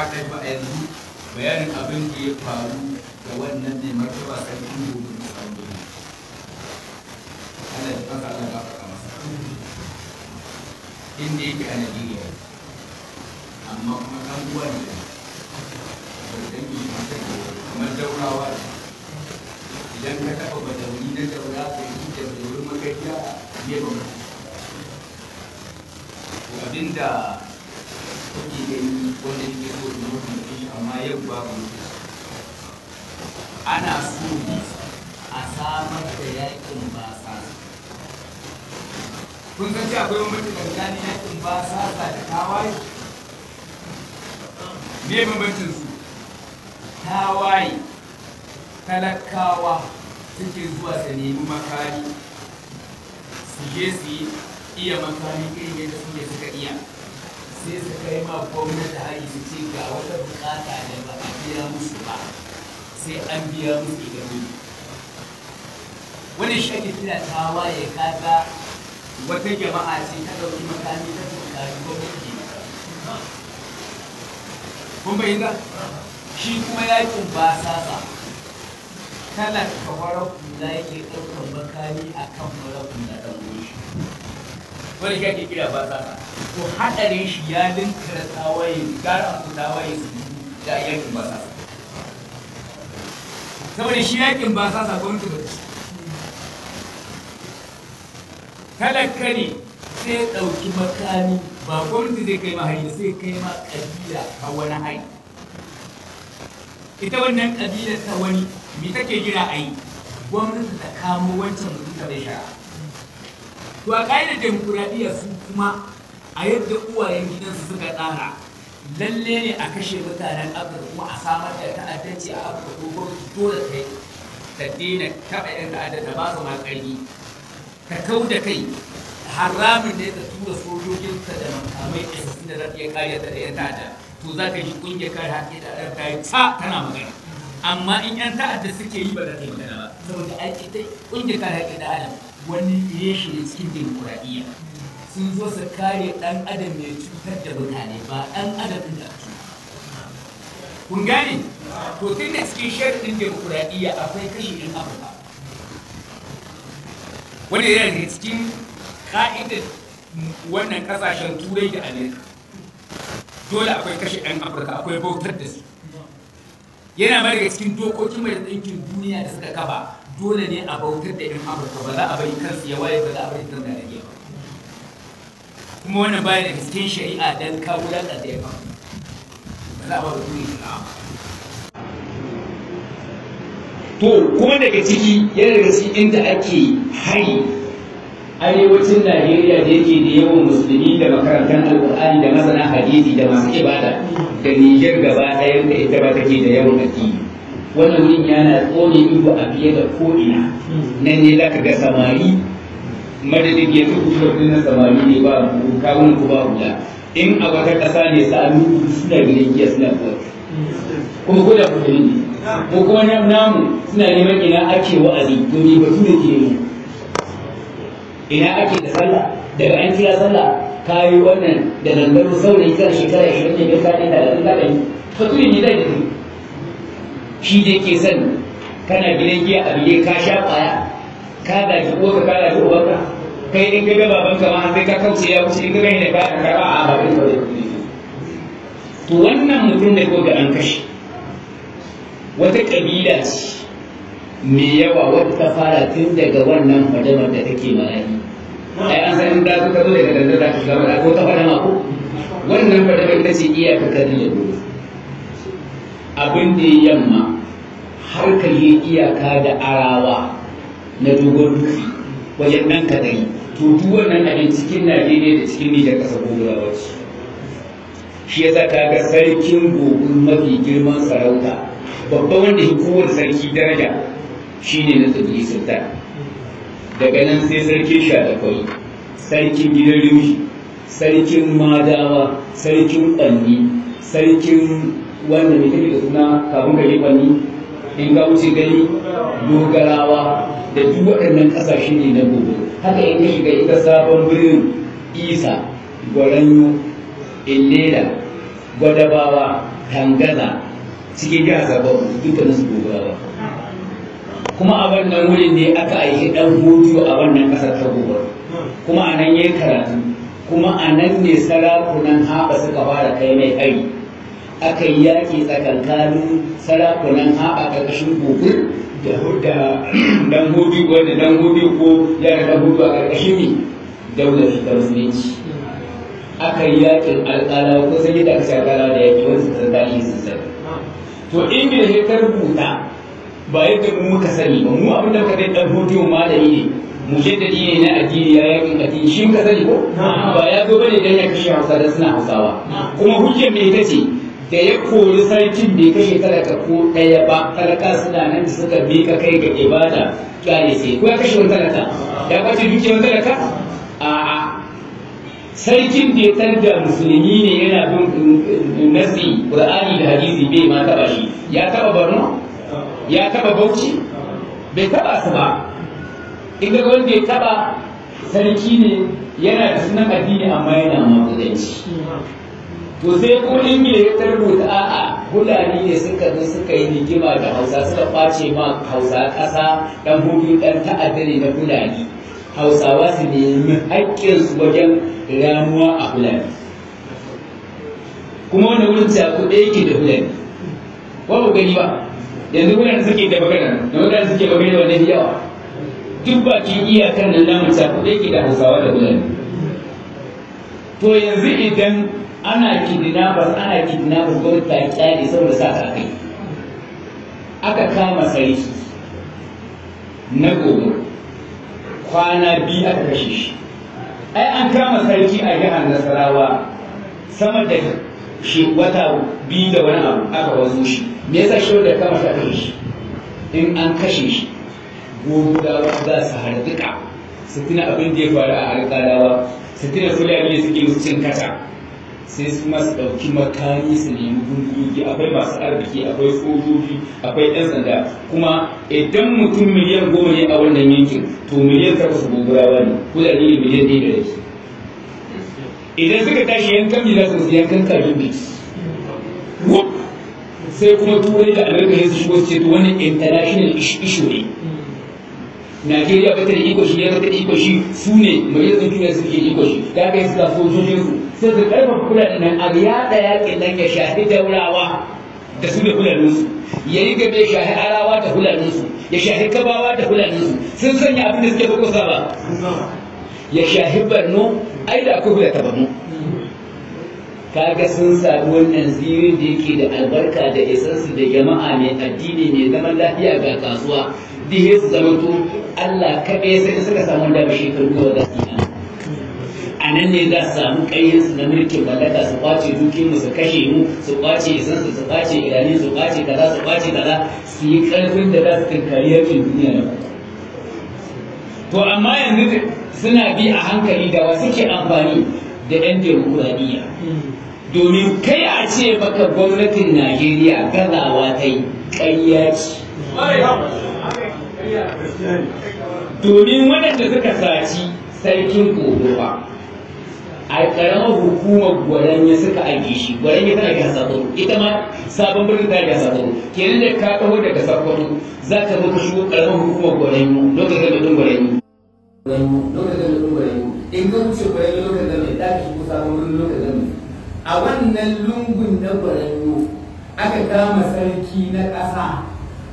faɗa ba a yanzu bayanin abin da ya faru da wannan ne martaba da samun masa inda yake a amma kuma uwa ne da dangi kamar daurawa idan ka taɓa badawi na daura ko yi da badawi makariya ne abinda kuke gani wanda ke so da mutum shi amma yau babu ana so a samar da yakin basa kun san akwai bambanci tsakanin yakin basa da tawaye me bambancin su tawaye talakawa suke zuwa su nemi makari. su je su iya makami irin yadda suke suka iya sai su kai ma gwamnati hari su ce ga wata bukata da ba a biya musu ba sai an biya musu da mini wani shi ake ta waye ya kaga wata jama'a ce ta ɗauki makami ta tsakani gwamnati kun bayyana shi kuma yakin ba sasa talaka fara kula yake ɗaukar makami akan fara warar kula ɗan wani shi ake kira ba sasa to haɗarin shi ya dinka da tawaye gara ku tawaye da yakin ba sasa saboda shi yakin ba sasa gwamnati ba talaka ne sai ɗauki makami ba gwamnati zai kai ma sai kai ma ƙabila a wani hari ita wannan ƙabila ta wani me take gina a yi gwamnati ta kamo wancan mutum ta bai shara to a ƙa'idar demokuraɗiyya su kuma a yadda uwayen gidansu suka tsara lalle ne a kashe mutanen afirka kuma a samar da ta'addanci a afirka dogon fito da kai ta daina taɓa yan ta'adda da ba su makali ka kau da kai haramin da ya tura sojojinsa da makamai a cikin da za ta iya kariya da yan ta'adda to za ka yi ƙungiyar kare haƙƙi da ɗan yi ta tana magana amma in yan ta'adda suke yi ba za ta yi magana ba saboda aiki ta ƙungiyar kare haƙƙi da adam wani reshe ne cikin demokuraɗiyya sun zo su kare ɗan adam mai cutar da mutane ba ɗan adam da kun gane to tun da cikin sharɗin demokuraɗiyya akwai kashi ɗin afirka Wani yana da cikin ka'idar wannan ƙasashen turai da amerika dole akwai kashe ɗan afirka akwai bautar da su yana ba daga cikin dokokin mai ɗinkin duniya da suka kafa dole ne a bautar da ɗan afirka ba za a bai kansu ya waye ba za a bai kansu da ba kuma wani baya da cikin shari'a dan ka wulaƙanta ɗaya ba ba za a ba da ba. to kuma daga ciki yana da su inda ake hari arewacin najeriya da yake da yawan musulmi da makarantar alkur'ani da masana hadisi da masu ibada da niger gaba ɗaya da ita ba take da yawan addini wannan wurin yana tsone ido a fiye da ko'ina nan ne za ka ga samari madadin ya fi kusurin na samari ne ba ta wani kuma guda in a wata ƙasa ne sa nufi suna gina giya suna kuwa kuma ko da kuma ne ko kuma namu suna neman ina ake wa'azi domin batu da ke mu ina ake da sallah daga an kira sallah yi wannan da dandaro saurayi kan shekara ashirin da biyar ɗaya da ɗan Ka tuni ne zai ke shi da ke son kana gidan giya a bile ka sha ƙwaya ka zagi ko ka zagi ubanka kai in ga babanka ma sai ka kauce ya wuce in ga ne ba ka karba a babin ka to wannan mutum ne ko ga an kashe wata kabila ce mai yawa wata ta fara tun daga wannan fadamar da take marayi ai an san da suka zo daga dandana ta shiga mara ko ta fadama ko wannan fadamar ita ce iyaka karin da dole abin da ya yamma har ka yi iyaka da arawa na dogon rufi wajen nan kadai to duk wannan abin cikin najeriya da cikin nijar kasa gobe wacce shi ya sa ga sarkin gogun mafi girman sarauta babba wanda shi kowar sarki daraja shi ne na tsibiri sultan daga nan sai sarki sarkin takwai, sarkin gidan rushi sarkin madawa sarkin ƙwanni sarkin wanda mai da suna kafin gari ƙwanni in ga wuce gani dogarawa da duk waɗannan ƙasashe ne na gobe haka in shiga ita sabon birnin isa gwaranyo illela gwadabawa tangaza cikin jihar sabon dukkanin su dogarawa kuma a wannan wurin ne aka aiki ɗan hutu a wannan ƙasar ta gobe kuma a nan ya karatu kuma a nan ne sarakunan haɓa suka fara kai mai kai aka yi yaƙi tsakankanin sarakunan haɓa ƙarƙashin kogo da dan hudu wanda dan hudu ko ya da hudu a ƙarƙashin ne daular ta musulunci aka yi yaƙin alƙala ko sai yadda aka ce alƙala da yaƙi wanda sun tarihi sun sani to in da shi ta rubuta ba yadda mu muka sani ba mu abin da muka dai dan hudu malami ne ni ne na addini ya yakin addini shi ka sani ko ba ya zo bane dan ya kashe hausa da suna hausawa kuma hujjar me ita ce da ya kori sarkin bai kai talaka ko ɗaya ba talaka suna nan da suka bi ka kai ga ibada kyale sai ko ya kashe wani talaka ya duke dukiyar talaka a'a sarkin da ya tarda musulmi ne yana bin eh, nasi qur'ani da hadisi bai ma taba shi ya taba barno ya taba bauchi bai taba su ba in wanda ya taba sarki ne yana da sunan addini amma yana mabudanci to sai ko ingila ya tarbuta a'a fulani ne suka zo suka yi rigima da hausa suka face ma hausa ƙasa dan hudu dan ta'adda ne na fulani hausawa su nemi haƙƙinsu wajen ramuwa a fulani kuma wanda wurin ɗaya yake da fulani ba ku gani ba yanzu fulani suke da magana da magana suke magana wanda yawa duk ba ki iyakar nan namu ɗaya yake da hausawa da fulani to yanzu idan ana kidnappers ana kidnappers gwamnati ta kyale saboda sa ta kai aka kama sarki na gobe kwana biyu aka kashe shi ai an kama sarki a jihar nasarawa sama da shi wata biyu da wani abu aka wazo shi me yasa shi da kama shi kashe shi in an kashe shi gobe da za su duka su tuna abin da ya faru a harkalawa su tuna fulani suke musu cin kasa sai su masu ɗauki makami su nemi gungungi akwai masu arziki akwai sojoji akwai ɗan sanda kuma idan mutum miliyan goma ne a wannan yankin to miliyan takwas gobarawa ne ko da ne miliyan ɗaya da yake idan suka tashi yankan mila su su yankan kajin biki sai kuma turai da amurka ya su shigo su ce to wannan international issue ne Najeriya ba ta da iko shi ya ta da iko shi su ne majalisar duniya suke iko shi ya kai suka sojojin su sai su karfafa kudaden nan a da yaƙin nan ya shafi daurawa da su da su ya yi gabe shahi arawa da su ya shahi kabawa da su sun sanya abin da suke fukusa ba ya shahi barno ai da akwai hulata barno kaga sun sami wannan zirin da yake da albarka da isansu da jama'a mai addini mai zaman lafiya ga kasuwa dihe su zama to Allah kaɗai sai suka samu damar shekaru da wadda a nan ne za su samu ƙayyinsu na mulkin mallaka su kwace dukinmu su kashe mu su kwace isansu su kwace iranin su kwace kaza su kwace kaza su yi ƙarfin da za su tunkari yankin duniya na to amma yanzu suna bi a hankali da wasu ke amfani da 'yan demokuraɗiyya domin kai a ce baka gwamnatin najeriya gazawa ta yi ƙayyaci domin waɗanda suka saci sarkin ba, a ƙaramar hukumar gwaranya suka aiki shi gwaranya tana ga sakwato ita ma sabon birnin tana ga Ke kenan da ka taho daga sakwato za ka zo ka shigo ƙaramar hukumar gwaranya lokacin da mutum gwaranya lokacin da gwaranya in ka wuce gwaranya lokacin da mai ɗaki ko sabon birnin lokacin da a wannan lungun na gwaranya aka kama sarki na ƙasa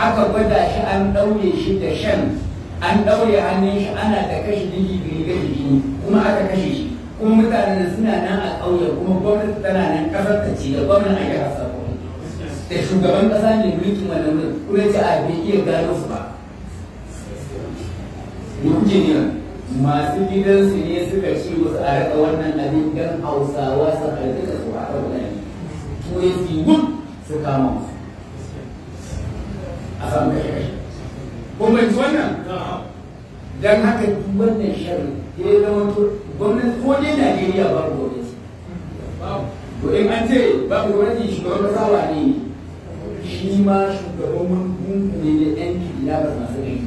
aka gwada shi an ɗaure shi da shan an ɗaure hannun shi ana da kashe jiki gari gari shi kuma aka kashe shi kuma mutanen suna nan a ƙauye kuma gwamnati tana nan ƙasar ta ce da gwamnati a yasa da shugaban ƙasa ne mulkin wannan wurin kuma ce a bai iya gano su ba ne kuke ne masu gidansu ne suka ce wasu a raka wannan abin don hausawa su harbi da su a ƙauye wani turai su yi su kama musu dan haka wannan shirin ya zama to gwamnati ko dai Najeriya babu gwamnati to in an ce babu gwamnati shugaban kasa wane ne shi ma shugaban mulkin ne da yan kilabar masu rai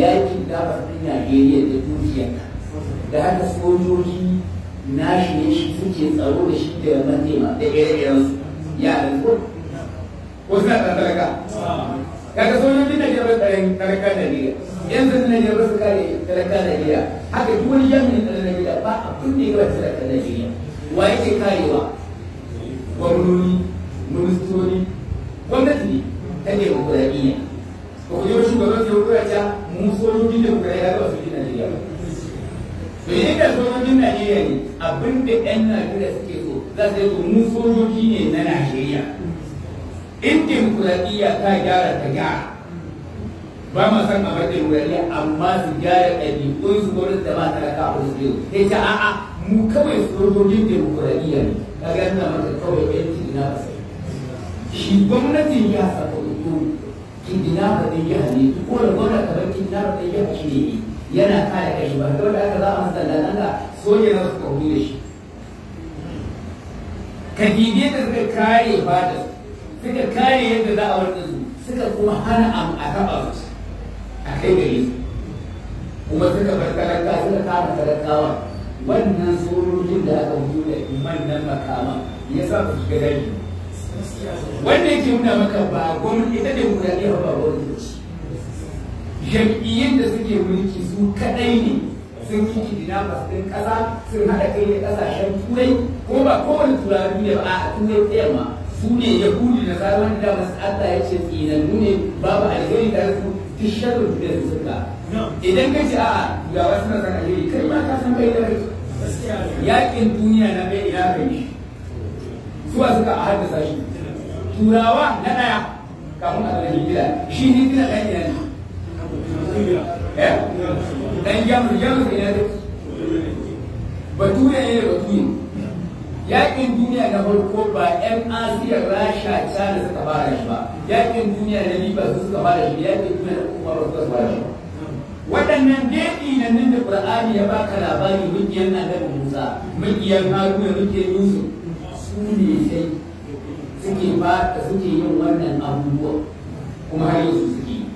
ya yi kilabar ɗin Najeriya da Turkiya da haka sojoji na shi ne shi suke tsaro da shi da ma da ire-irensu yaran ko ko suna tsantarka kaga sojojin da tsarin karkar Najeriya yanzu nan ya basu kare talakan Najeriya haka duk wani jami'in na Najeriya ba abin da ya gaba talakan Najeriya wa yake karewa gwamnoni ministoci gwamnati ne ta ne ba kuɗaɗiya ba ku yau shugaban sai kuɗa ta mu sojojin da kuɗa ya ba su ji Najeriya ba to yin da sojojin Najeriya ne abin da 'yan Najeriya suke so za su yi to mu sojoji ne na Najeriya in dimokuraɗiyya ta gyara ta gyara ba ma san a bakin wurare amma su gyara ko su gwamnati da ba raka a wasu yau ya ce a'a mu kawai sojojin demokuraɗiyya ne ka ga yana mata kawai yanki ina ba sai shi gwamnatin ya saka uku kindina ba zai yi ne ko da gwamnati ka bar kindina ba zai yi a shi ne yana kare shi ba kawai da aka za a masa lalanga soja za su kawo da shi ka dibe da suka kare ba da suka kare yadda za a wani suka kuma hana a taɓa kai da yi kuma suka bar suka kama talakawa wannan sojojin da aka hudu da manyan makama ya sa ku shiga daji wanda yake nuna maka ba gwamnati ita ne mutane ba ba gwamnati jam'iyyun da suke mulki su kadai ne sun yi kidina masu ƙasa sun haɗa kai da ƙasashen turai ko ba kowane turaru ne ba a turai ma su ne yahudi da zaran da masu allah ya ce tsinannu ne babu alheri da su fishar da zuka idan ka ce a ga wasu na san alheri kai ma ka san bai da yakin duniya na kai ina kai shi zuwa suka a haddasa shi turawa na daya kafin a zara hijira shi hijira ɗan ina ne ɗan jamus jamus ina ne bature ne da bature yakin duniya na farko ba yan asiya rasha china suka fara shi ba yakin duniya na liba su suka fara shi yakin duniya na kuma ba suka fara shi waɗannan daɗi na nan da qur'ani ya baka labari mukiyan daga musa mukiyan haruna muke yusuf su ne sai suke ba da suke yin wannan abubuwa kuma har yanzu suke yi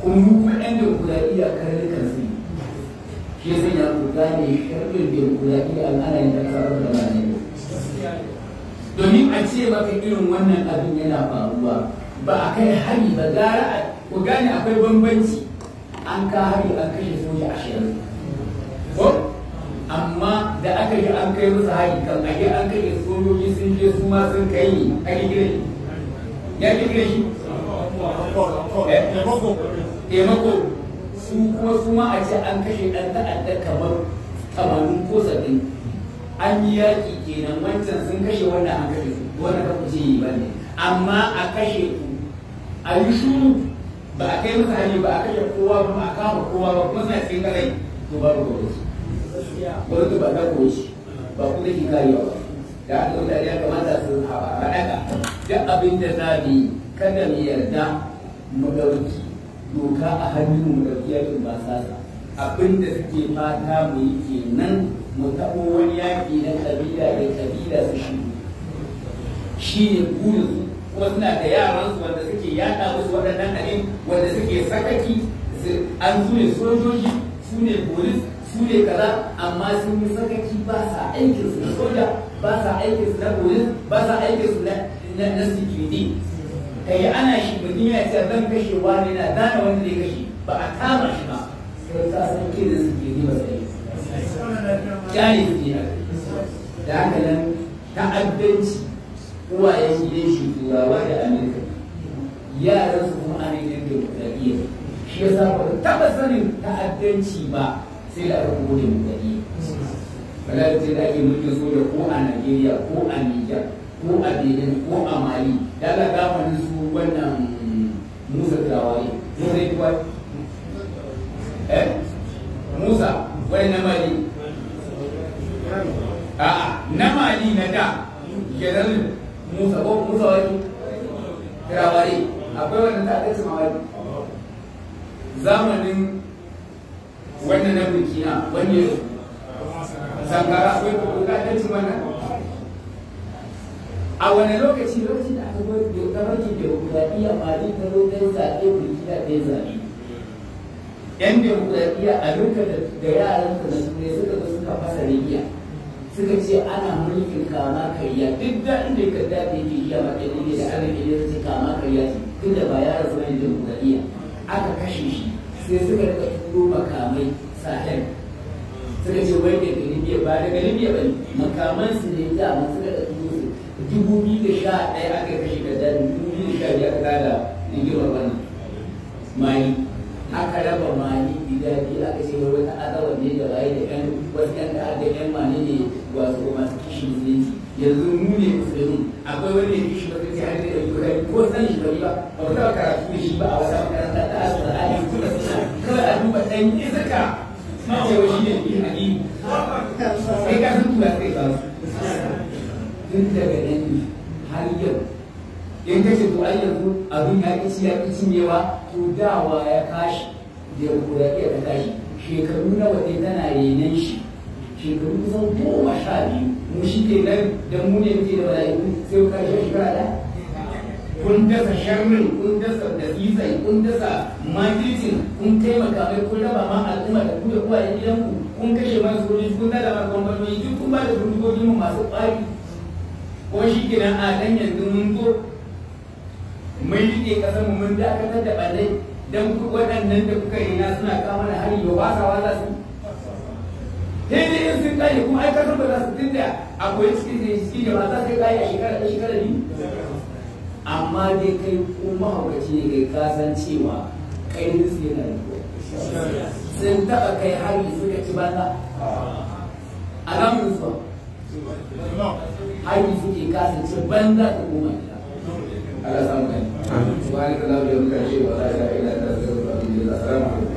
kuma mu kuma ɗan demokuraɗiyya karnukan su ne shi ya sanya ku gane sharɗin demokuraɗiyya a ne ta ƙasar da domin a ce maka irin wannan abin yana faruwa ba a kai hari ba gara ku gane akwai bambanci an ka hari an kashe soja ashirin ko amma da aka yi an kai musu hari kan ake an kai da sojoji sun je su ma sun kai ne a gire shi ya ke gire shi taimako su kuma su ma a ce an kashe ɗan ta'adda kamar tamanin ko sabbin an yi yaƙi kenan wancan sun kashe wannan an kashe su, wannan ka kuce yi bane amma a kashe ku a yi shuru ba a kai musu hali ba a kashe kowa ba ba a kama kowa ba kuma suna cikin kasai to ba ba gobe su ba ta koyi shi ba ku da ke kariya ba da aka mutane ya kamata su haɗaka duk abin da za mu yi kada mu yarda mu ɗauki doka a hannun mu ɗauki yakin ba sasa abin da suke fata mu yi kenan mu taɓo wani yaƙi na ƙabila da ƙabila su shi shi ne burinsu kuma suna da yaransu wanda suke yaɗa musu waɗannan abin wanda suke sakaki an su ne sojoji su ne polis su ne kaza amma sun yi sakaki ba sa aikin su na soja ba sa aikin su na polis ba sa aikin su na na security kai ana shi mutum ya ce zan kashe wani na dana wani zai kashe ba a kama shi ba sai ka san kin security ba sai jahili ne da haka nan ta'addanci uwayen gidan shi turawa da amurka yaran su kuma ana yin demokradiyya shi yasa ba taba sanin ta'addanci ba sai da aka kuma demokradiyya balarancin da ake mulkin soja ko a nigeria ko a niger ko a benin ko a mali da aka gamanin su wannan musa turawa ne musa eh? wani na kenan musa ko musa wani firawari akwai wannan ta ɗaya samawari zamanin wannan na burkina wani sankara akwai kuka ɗaya wannan a wani lokaci lokacin da aka da dokar rikin demokuraɗiyya ba zai ta zo ɗaya zaɓe burkina ɗaya zaɓe yan demokuraɗiyya a lokacin da yaran ta na turai suka zo suka fasa rigiya suka ce ana mulkin kama karya duk da inda ka daɗe ke iya mata ne da aka ke ce kama karya ce tun da ba ya rasu ne jamhuriya aka kashe shi sai suka rika turo makamai sahel suka ce wai da libya ba daga libya ba makaman su ne da mun suka da turo su dubu biyu da sha ɗaya aka kashe ka daɗe dubu biyu da sha biyar aka kada rigimar bana mai aka raba mali gida biyu aka ce wai wata azabar ne da waye da yan wasu yan da aka ƴan mali ne wato masu kishi musulunci yanzu mu ne musulmi akwai wani ne kishi wata ce hannun da yau ko san shi bari ba ba ku taɓa karatu da shi ba a wata makaranta ta asu da ali kuma suna kawai a duba ɗan izaka ma ce wa shi ne bi ali sai ka san tuwa sai ba su tun daga nan har yau in ka ce to ai yanzu abin ya ƙi ya ƙi cinyewa to dawa ya kashi da ya ya kashi. shekaru nawa ne tana renon shi shekaru kusan goma sha biyu mu shi ke nan dan mu ne muke da mala'iku sai mu kashe shekara da kun dasa sharrin kun dasa dasisai kun dasa makircin kun taimaka mai kun raba ma al'umma da kuda kuwa da gidanku kun kashe masu kudi kun tada ma kamfanoni duk kun ba da kudi mu masu ƙwari ko shi ke nan a dan yanzu mun zo mun riƙe kasar mu mun dakatar da ɓallai dan waɗannan da kuka yi na suna kama da hari yau ba sa wasa su daidai yin sun gane kuma ai su tunda akwai ciki da ba za su a shekara da shekara ne amma dai kai kuma haukaci ne kai kasan cewa kai nufi yana da sun taɓa kai hari suka ci banza alamun su hari suke kasance banza ta kuma gida Ala samu gani. Subhanakallahu wa bihamdihi a la ilaha illa anta astaghfiruka wa atubu ilayk. Assalamu alaikum.